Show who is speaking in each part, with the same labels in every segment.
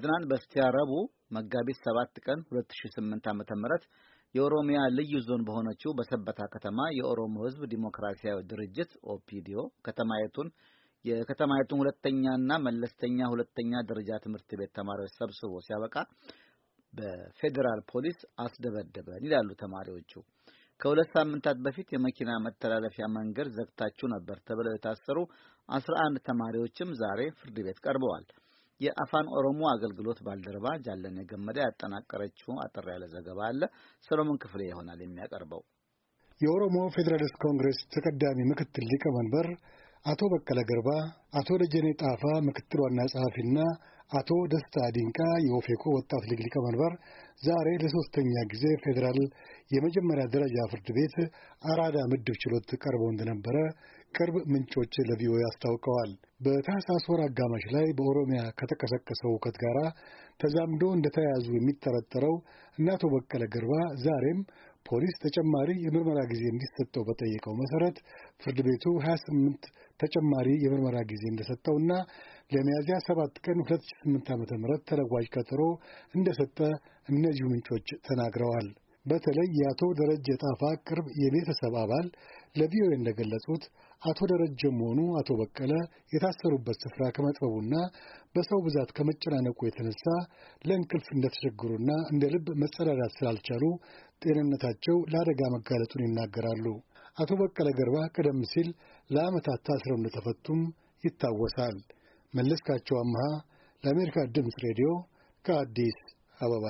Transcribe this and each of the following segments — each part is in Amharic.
Speaker 1: ከትናንት በስቲያ ረቡዕ መጋቢት 7 ቀን 2008 ዓ.ም የኦሮሚያ ልዩ ዞን በሆነችው በሰበታ ከተማ የኦሮሞ ሕዝብ ዲሞክራሲያዊ ድርጅት ኦፒዲዮ ከተማይቱን የከተማይቱን ሁለተኛና መለስተኛ ሁለተኛ ደረጃ ትምህርት ቤት ተማሪዎች ሰብስቦ ሲያበቃ በፌዴራል ፖሊስ አስደበደበን ይላሉ ተማሪዎቹ። ከሁለት ሳምንታት በፊት የመኪና መተላለፊያ መንገድ ዘግታችሁ ነበር ተብለው የታሰሩ አስራ አንድ ተማሪዎችም ዛሬ ፍርድ ቤት ቀርበዋል። የአፋን ኦሮሞ አገልግሎት ባልደረባ ጃለኔ ገመዳ ያጠናቀረችው አጠር ያለ ዘገባ አለ። ሰሎሞን ክፍሌ ይሆናል የሚያቀርበው።
Speaker 2: የኦሮሞ ፌዴራሊስት ኮንግሬስ ተቀዳሚ ምክትል ሊቀመንበር አቶ በቀለ ገርባ፣ አቶ ደጀኔ ጣፋ ምክትል ዋና ጸሐፊና አቶ ደስታ ዲንቃ የኦፌኮ ወጣት ሊግ ሊቀመንበር ዛሬ ለሶስተኛ ጊዜ ፌዴራል የመጀመሪያ ደረጃ ፍርድ ቤት አራዳ ምድብ ችሎት ቀርበው እንደነበረ ቅርብ ምንጮች ለቪኦኤ አስታውቀዋል። በታህሳስ ወር አጋማሽ ላይ በኦሮሚያ ከተቀሰቀሰው ሁከት ጋር ተዛምዶ እንደተያያዙ የሚጠረጠረው እነ አቶ በቀለ ገርባ ዛሬም ፖሊስ ተጨማሪ የምርመራ ጊዜ እንዲሰጠው በጠየቀው መሰረት ፍርድ ቤቱ 28 ተጨማሪ የምርመራ ጊዜ እንደሰጠውና ለሚያዝያ 7 ቀን 2008 ዓ.ም ተለዋጅ ቀጠሮ እንደሰጠ እነዚሁ ምንጮች ተናግረዋል። በተለይ የአቶ ደረጀ ጣፋ ቅርብ የቤተሰብ አባል ለቪኦኤ እንደገለጹት አቶ ደረጀም ሆኑ አቶ በቀለ የታሰሩበት ስፍራ ከመጥበቡና በሰው ብዛት ከመጨናነቁ የተነሳ ለእንቅልፍ እንደተቸገሩና እንደ ልብ መጸዳዳት ስላልቻሉ ጤንነታቸው ለአደጋ መጋለጡን ይናገራሉ። አቶ በቀለ ገርባ ቀደም ሲል ለዓመታት ታስረው እንደተፈቱም ይታወሳል። መለስካቸው አምሃ ለአሜሪካ ድምፅ ሬዲዮ ከአዲስ አበባ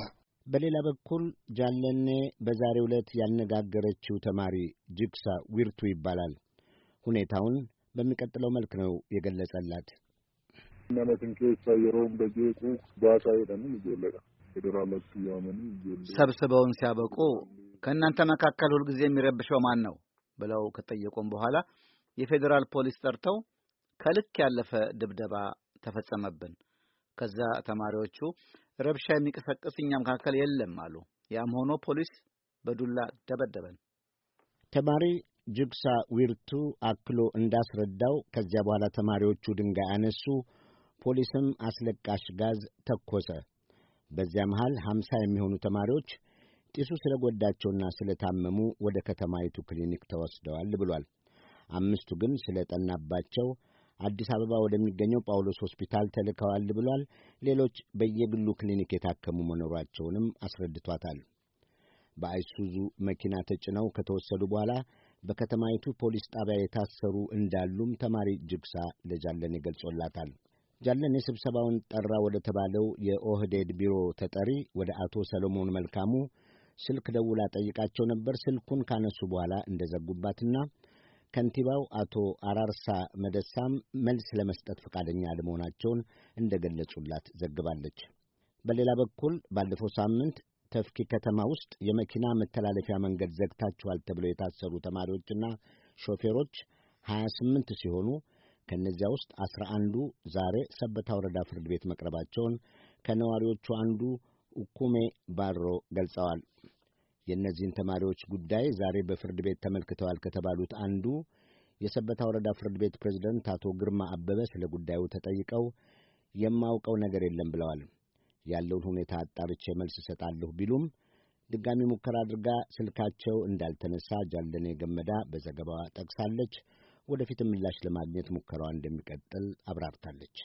Speaker 2: በሌላ በኩል ጃለኔ በዛሬ ዕለት ያነጋገረችው
Speaker 3: ተማሪ ጅግሳ ዊርቱ ይባላል። ሁኔታውን በሚቀጥለው መልክ
Speaker 1: ነው የገለጸላት። ሰብስበውን ሲያበቁ ከእናንተ መካከል ሁልጊዜ የሚረብሸው ማን ነው ብለው ከጠየቁም በኋላ የፌዴራል ፖሊስ ጠርተው ከልክ ያለፈ ድብደባ ተፈጸመብን ከዛ ተማሪዎቹ ረብሻ የሚቀሰቅስ እኛ መካከል የለም አሉ። ያም ሆኖ ፖሊስ በዱላ ደበደበን።
Speaker 3: ተማሪ ጅግሳ ዊርቱ አክሎ እንዳስረዳው ከዚያ በኋላ ተማሪዎቹ ድንጋይ አነሱ፣ ፖሊስም አስለቃሽ ጋዝ ተኮሰ። በዚያ መሃል ሀምሳ የሚሆኑ ተማሪዎች ጢሱ ስለጎዳቸውና ስለታመሙ ወደ ከተማይቱ ክሊኒክ ተወስደዋል ብሏል። አምስቱ ግን ስለጠናባቸው አዲስ አበባ ወደሚገኘው ጳውሎስ ሆስፒታል ተልከዋል ብሏል። ሌሎች በየግሉ ክሊኒክ የታከሙ መኖራቸውንም አስረድቷታል። በአይሱዙ መኪና ተጭነው ከተወሰዱ በኋላ በከተማይቱ ፖሊስ ጣቢያ የታሰሩ እንዳሉም ተማሪ ጅግሳ ለጃለኔ ገልጾላታል። ጃለኔ ስብሰባውን ጠራ ወደ ተባለው የኦህዴድ ቢሮ ተጠሪ ወደ አቶ ሰለሞን መልካሙ ስልክ ደውላ ጠይቃቸው ነበር። ስልኩን ካነሱ በኋላ እንደዘጉባትና ከንቲባው አቶ አራርሳ መደሳም መልስ ለመስጠት ፈቃደኛ አለመሆናቸውን እንደገለጹላት ዘግባለች። በሌላ በኩል ባለፈው ሳምንት ተፍኪ ከተማ ውስጥ የመኪና መተላለፊያ መንገድ ዘግታችኋል ተብለው የታሰሩ ተማሪዎችና ሾፌሮች 28 ሲሆኑ ከእነዚያ ውስጥ አስራ አንዱ ዛሬ ሰበታ ወረዳ ፍርድ ቤት መቅረባቸውን ከነዋሪዎቹ አንዱ ኡኩሜ ባሮ ገልጸዋል። የእነዚህን ተማሪዎች ጉዳይ ዛሬ በፍርድ ቤት ተመልክተዋል ከተባሉት አንዱ የሰበታ ወረዳ ፍርድ ቤት ፕሬዝደንት አቶ ግርማ አበበ ስለ ጉዳዩ ተጠይቀው የማውቀው ነገር የለም ብለዋል። ያለውን ሁኔታ አጣርቼ መልስ እሰጣለሁ ቢሉም ድጋሚ ሙከራ አድርጋ ስልካቸው እንዳልተነሳ ጃለኔ ገመዳ በዘገባዋ ጠቅሳለች። ወደፊት ምላሽ ለማግኘት ሙከራዋ እንደሚቀጥል አብራርታለች።